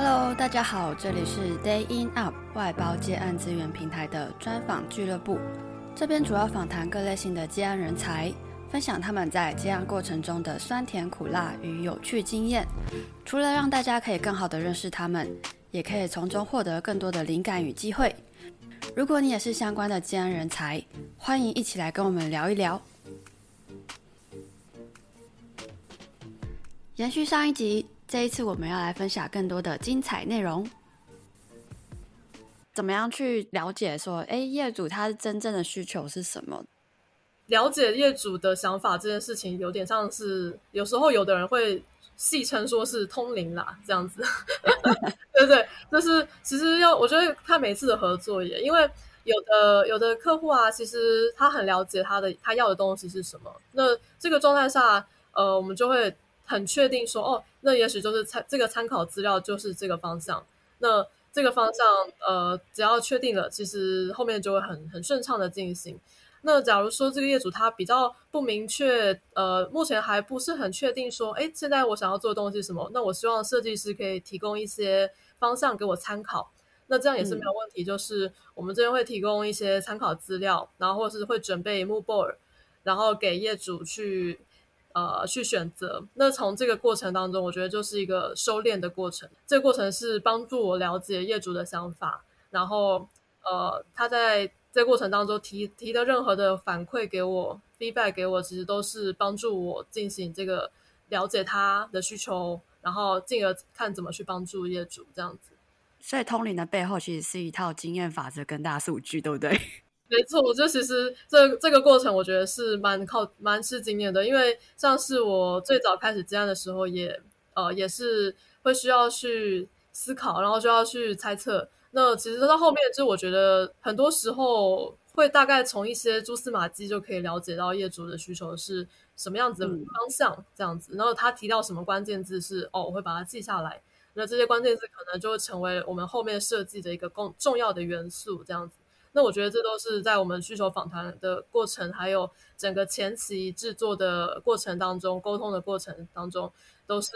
Hello，大家好，這裡是 DayinUP 外包接案資源平台的專訪俱樂部。這邊主要訪談各類型的接案人才，分享他們在接案過程中的酸甜苦辣與有趣經驗。除了讓大家可以更好的認識他們，也可以從中獲得更多的靈感與機會。如果你也是相關的接案人才，歡迎一起來跟我們聊一聊。延續上一集。這一次我們要來分享更多的精彩內容。怎麼樣去了解說，哎，業主他真正的需求是什麼？了解業主的想法這件事情，有點像是有時候有的人會戲稱說是通靈啦，這樣子。 對不對，就是其實要我覺得，他每次的合作也因為有的有的客戶啊，其實他很了解他的他要的東西是什麼。那這個狀態下，呃，我們就會。很確定說哦，那也許就是參這個參考資料就是這個方向。那這個方向，呃，只要確定了，其實後面就會很很順暢的進行。那假如說這個業主他比較不明確，呃，目前還不是很確定說，哎，現在我想要做的東西是什麼？那我希望設計師可以提供一些方向給我參考。那這樣也是沒有問題，嗯、就是我們這邊會提供一些參考資料，然後或者是會準備 mood board，然後給業主去。呃，去選擇。那從這個過程當中，我覺得就是一個收斂的過程。這個過程是幫助我了解業主的想法，然後呃，他在這過程當中提提的任何的反饋給我，feedback 給我，其實都是幫助我進行這個了解他的需求，然後進而看怎麼去幫助業主，這樣子。所以通靈的背後其實是一套經驗法則跟大數據，對不對？沒錯，我就其實這這個過程，我覺得是蠻靠蠻吃經驗的。因為像是我最早開始接案的時候也，也呃也是會需要去思考，然後就要去猜測。那其實到後面，就我覺得很多時候會大概從一些蛛絲馬跡就可以了解到業主的需求是什麼樣子的方向，嗯、這樣子。然後他提到什麼關鍵字是哦，我會把它記下來。那這些關鍵字可能就會成為我們後面設計的一個更重要的元素，這樣子。那我覺得這都是在我們需求訪談的過程，還有整個前期制作的過程當中，溝通的過程當中都是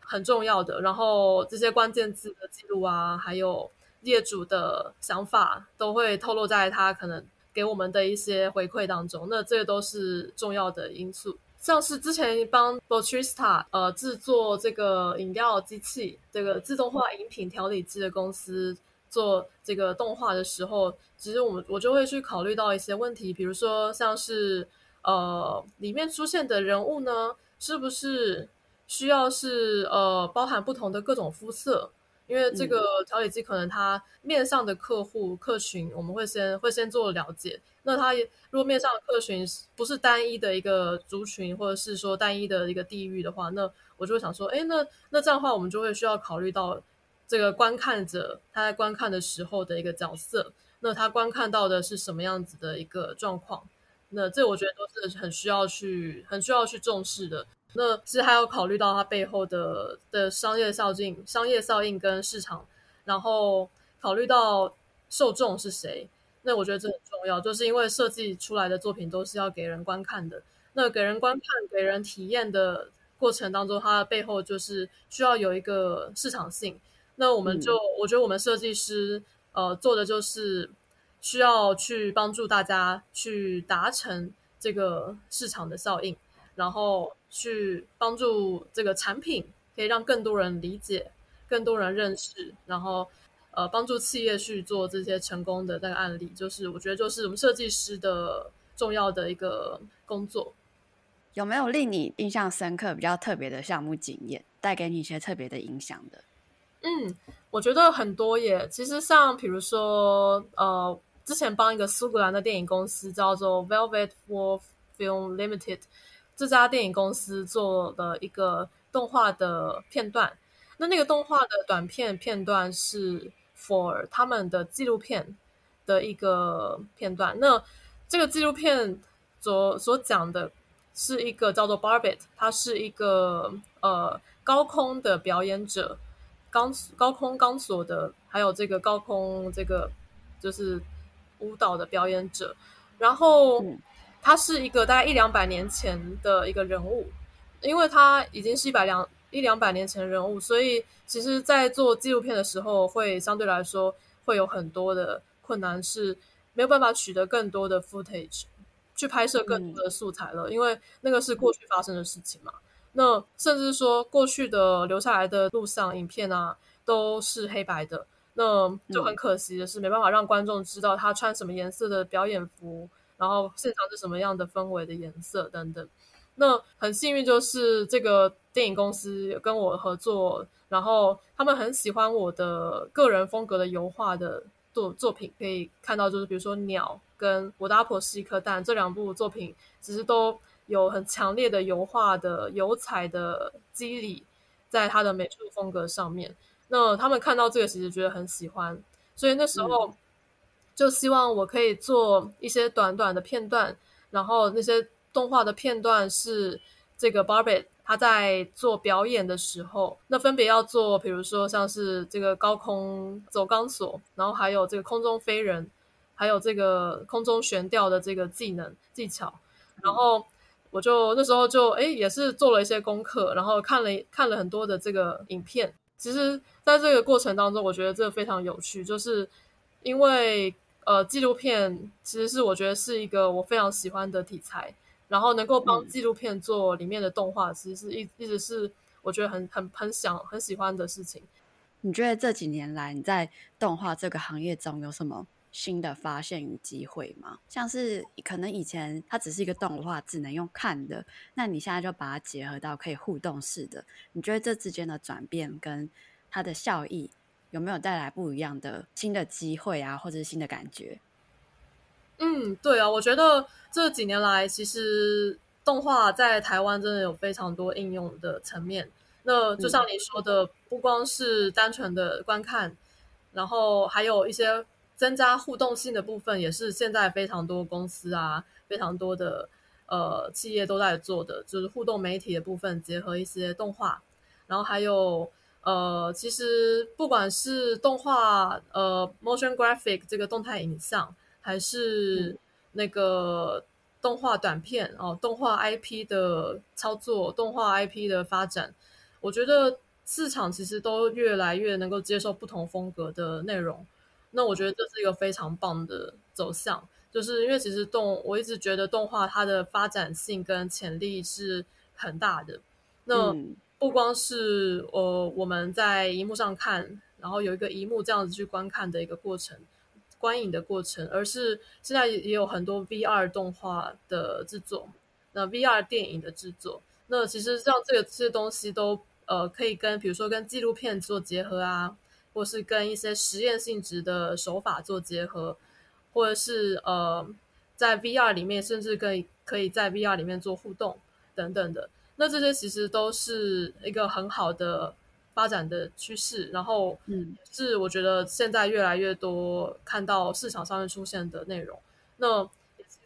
很重要的。然後這些關鍵字的記錄啊，還有業主的想法，都會透露在他可能給我們的一些回饋當中。那這個都是重要的因素。像是之前幫 Botrista 呃製作這個飲料機器，這個自動化飲品調理機的公司。嗯做這個動畫的時候，其實我們我就會去考慮到一些問題，比如說像是呃裡面出現的人物呢，是不是需要是呃包含不同的各種膚色？因為這個調理機可能它面向的客戶、嗯、客群，我們會先會先做了解。那它如果面向的客群不是單一的一個族群，或者是說單一的一個地域的話，那我就會想說，哎，那那這樣的話，我們就會需要考慮到。這個觀看者，他在觀看的時候的一個角色，那他觀看到的是什麼樣子的一個狀況？那這我覺得都是很需要去很需要去重視的。那其實還要考慮到它背後的的商業效應，商業效應跟市場，然後考慮到受眾是誰？那我覺得這很重要，就是因為設計出來的作品都是要給人觀看的，那給人觀看、給人體驗的過程當中，它的背後就是需要有一個市場性。那我們就，嗯、我覺得我們設計師，呃，做的就是需要去幫助大家去達成這個市場的效應，然後去幫助這個產品可以讓更多人理解、更多人認識，然後呃，幫助企業去做這些成功的這個案例，就是我覺得就是我們設計師的重要的一個工作。有沒有令你印象深刻、比較特別的項目經驗，帶給你一些特別的影響的？嗯，我覺得很多耶，其實像比如說，呃，之前幫一個蘇格蘭的電影公司叫做 Velvet Wolf Film Limited，這家電影公司做了一個動畫的片段。那那個動畫的短片片段是 for 他們的紀錄片的一個片段。那這個紀錄片所所講的，是一個叫做 Barbette，他是一個呃高空的表演者。鋼高空鋼索的，還有這個高空這個就是舞蹈的表演者，然後他是一個大概一兩百年前的一個人物，因為他已經是一百兩一兩百年前的人物，所以其實，在做紀錄片的時候會，會相對來說會有很多的困難是沒有辦法取得更多的 footage 去拍攝更多的素材了，因為那個是過去發生的事情嘛。那甚至說過去的留下來的錄像影片啊，都是黑白的，那就很可惜的是沒辦法讓觀眾知道他穿什麼顏色的表演服，然後現場是什麼樣的氛圍的顏色等等。那很幸運就是這個電影公司跟我合作，然後他們很喜歡我的個人風格的油畫的作作品，可以看到就是比如說鳥跟我的阿婆是一顆蛋這兩部作品其實都。有很強烈的油畫的油彩的肌理，在他的美術風格上面。那他們看到這個，其實覺得很喜歡，所以那時候就希望我可以做一些短短的片段，然後那些動畫的片段是這個 Barbette 他在做表演的時候，那分別要做，比如說像是這個高空走鋼索，然後還有這個空中飛人，還有這個空中懸吊的這個技能技巧，然後。我就那時候就哎、欸、也是做了一些功課，然後看了看了很多的這個影片。其實，在這個過程當中，我覺得這非常有趣，就是因為呃紀錄片其實是我覺得是一個我非常喜歡的題材，然後能夠幫紀錄片做裡面的動畫，嗯、其實是一一直是我覺得很很很想很喜歡的事情。你覺得這幾年來你在動畫這個行業中有什麼？新的發現與機會嘛，像是可能以前它只是一個動畫，只能用看的，那你現在就把它結合到可以互動式的，你覺得這之間的轉變跟它的效益有沒有帶來不一樣的新的機會啊，或者是新的感覺？嗯，對啊，我覺得這幾年來，其實動畫在台灣真的有非常多應用的層面。那就像你說的，嗯、不光是單純的觀看，然後還有一些。增加互動性的部分，也是現在非常多公司啊、非常多的呃企業都在做的，就是互動媒體的部分，結合一些動畫，然後還有呃，其實不管是動畫呃 motion graphic 這個動態影像，還是那個動畫短片哦、呃，動畫 IP 的操作，動畫 IP 的發展，我覺得市場其實都越來越能夠接受不同風格的內容。那我覺得這是一個非常棒的走向，就是因為其實動我一直覺得動畫它的發展性跟潛力是很大的。那不光是、嗯、呃我們在熒幕上看，然後有一個熒幕這樣子去觀看的一個過程，觀影的過程，而是現在也有很多 VR 動畫的制作，那 VR 電影的制作，那其實讓這個這些東西都呃可以跟比如說跟紀錄片做結合啊。或是跟一些實驗性質的手法做結合，或者是呃，在 VR 裡面，甚至可以可以在 VR 裡面做互動等等的。那這些其實都是一個很好的發展的趨勢。然後，嗯，是我覺得現在越來越多看到市場上面出現的內容。那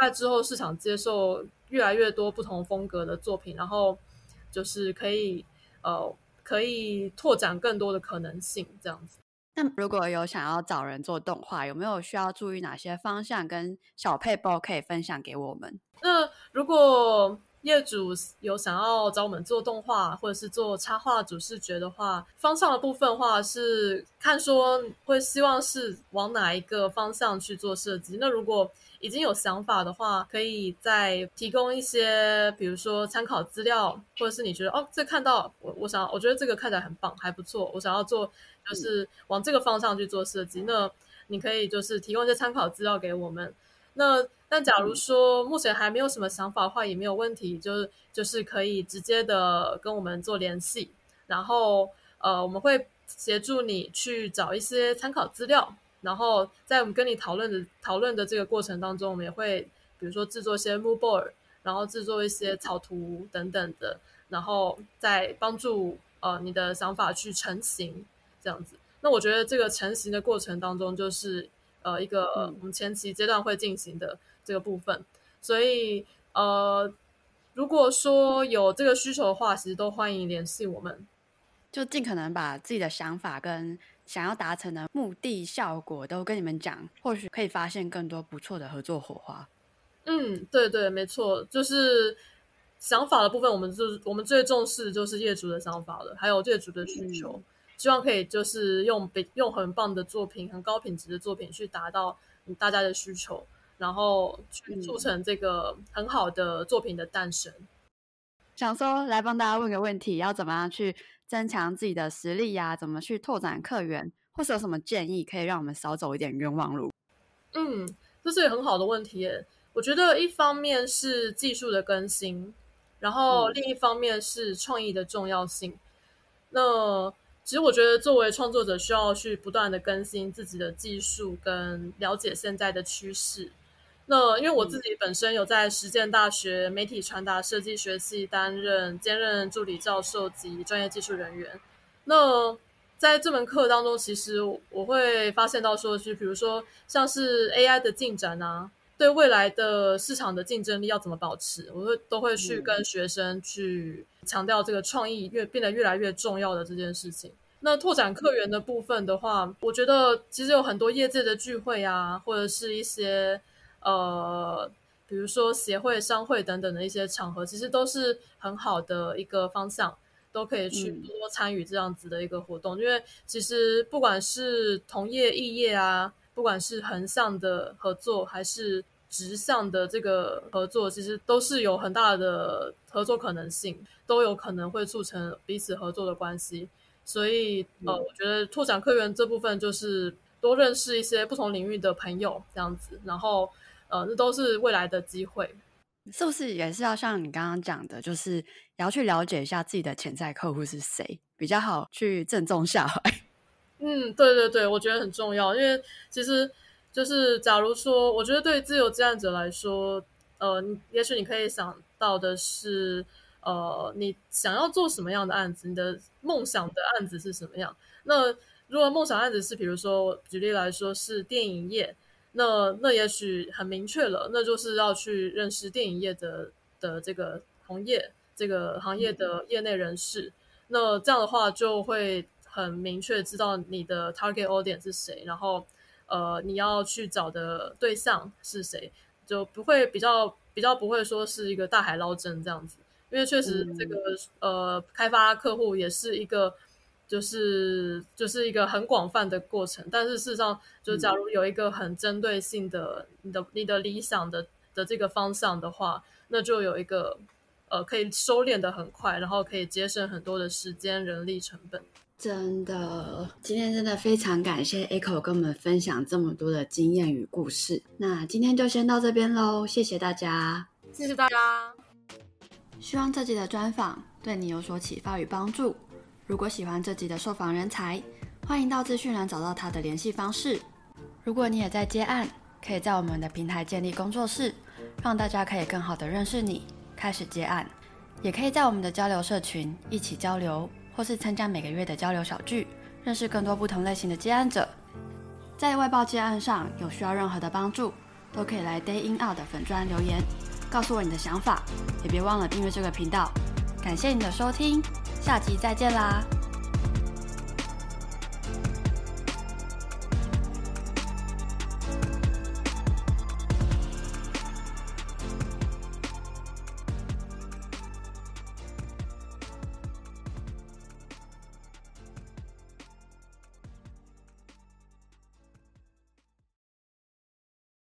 在之後市場接受越來越多不同風格的作品，然後就是可以呃。可以拓展更多的可能性，這樣子。那如果有想要找人做動畫，有沒有需要注意哪些方向跟小撇步可以分享給我們？那如果。業主有想要找我們做動畫或者是做插畫、主視覺的話，方向的部分的話是看說會希望是往哪一個方向去做設計。那如果已經有想法的話，可以再提供一些，比如說參考資料，或者是你覺得哦，這個看到我，我想要，我覺得這個看起來很棒，還不錯，我想要做就是往這個方向去做設計。那你可以就是提供一些參考資料給我們。那那，那假如說目前還沒有什麼想法的話，也沒有問題，嗯、就是就是可以直接的跟我們做聯繫，然後呃，我們會協助你去找一些參考資料，然後在我們跟你討論的討論的這個過程當中，我們也會比如說制作一些 mood board，然後制作一些草圖等等的，然後再幫助呃你的想法去成型，這樣子。那我覺得這個成型的過程當中，就是。呃，一個我們、呃嗯、前期階段會進行的這個部分，所以呃，如果說有這個需求的話，其實都歡迎聯繫我們，就盡可能把自己的想法跟想要達成的目的效果都跟你們講，或許可以發現更多不錯的合作火花。嗯，對對，沒錯，就是想法的部分，我們就是我們最重視的就是業主的想法了，還有業主的需求。嗯希望可以就是用比用很棒的作品、很高品質的作品去達到大家的需求，然後去促成這個很好的作品的誕生、嗯。想說來幫大家問個問題：要怎麼樣去增強自己的實力呀、啊？怎麼去拓展客源？或是有什麼建議可以讓我們少走一點冤枉路？嗯，這是個很好的問題耶。我覺得一方面是技術的更新，然後另一方面是創意的重要性。嗯、那其實我覺得，作為創作者，需要去不斷地更新自己的技術跟了解現在的趨勢。那因為我自己本身有在實踐大學媒體傳達設計學系擔任兼任助理教授及專業技術人員。那在這門課當中，其實我會發現到說，是比如說像是 AI 的進展啊。對未來的市場的競爭力要怎麼保持，我會都會去跟學生去強調這個創意越變得越來越重要的這件事情。那拓展客源的部分的話，我覺得其實有很多業界的聚會啊，或者是一些呃，比如說協會、商會等等的一些場合，其實都是很好的一個方向，都可以去多參與這樣子的一個活動，嗯、因為其實不管是同業、異業啊。不管是橫向的合作還是直向的這個合作，其實都是有很大的合作可能性，都有可能會促成彼此合作的關係。所以，嗯、呃，我覺得拓展客源這部分就是多認識一些不同領域的朋友，這樣子，然後，呃，那都是未來的機會。是不是也是要像你剛剛講的，就是也要去了解一下自己的潛在客戶是誰，比較好去正中下懷？嗯，對對對，我覺得很重要，因為其實就是，假如說，我覺得對自由職業者來說，呃，也許你可以想到的是，呃，你想要做什麼樣的案子，你的夢想的案子是什麼樣？那如果夢想案子是，比如說舉例來說是電影業，那那也許很明確了，那就是要去認識電影業的的這個行業，這個行業的業內人士。嗯、那這樣的話就會，很明確知道你的 target audience 是誰，然後呃，你要去找的對象是誰，就不會比較比較不會說是一個大海撈針這樣子。因為確實這個、嗯、呃，開發客戶也是一個就是就是一個很廣泛的過程，但是事實上，就假如有一個很針對性的、嗯、你的你的理想的的這個方向的話，那就有一個呃可以收斂得很快，然後可以節省很多的時間人力成本。真的，今天真的非常感謝 Aco 跟我們分享這麼多的經驗與故事。那今天就先到這邊嘍，謝謝大家，謝謝大家。希望這集的專訪對你有所啟發與幫助。如果喜歡這集的受訪人才，歡迎到資訊欄找到他的聯繫方式。如果你也在接案，可以在我們的平台建立工作室，讓大家可以更好的認識你，開始接案。也可以在我們的交流社群一起交流。或是參加每個月的交流小聚，認識更多不同類型的接案者。在外包接案上有需要任何的幫助，都可以來 DayinUP 的粉專留言，告訴我你的想法。也別忘了訂閱這個頻道，感謝你的收聽，下集再見啦！